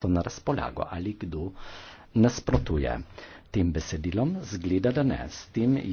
to na razpolago ali kdo nasprotuje. Tem besedilom zgleda, da ne.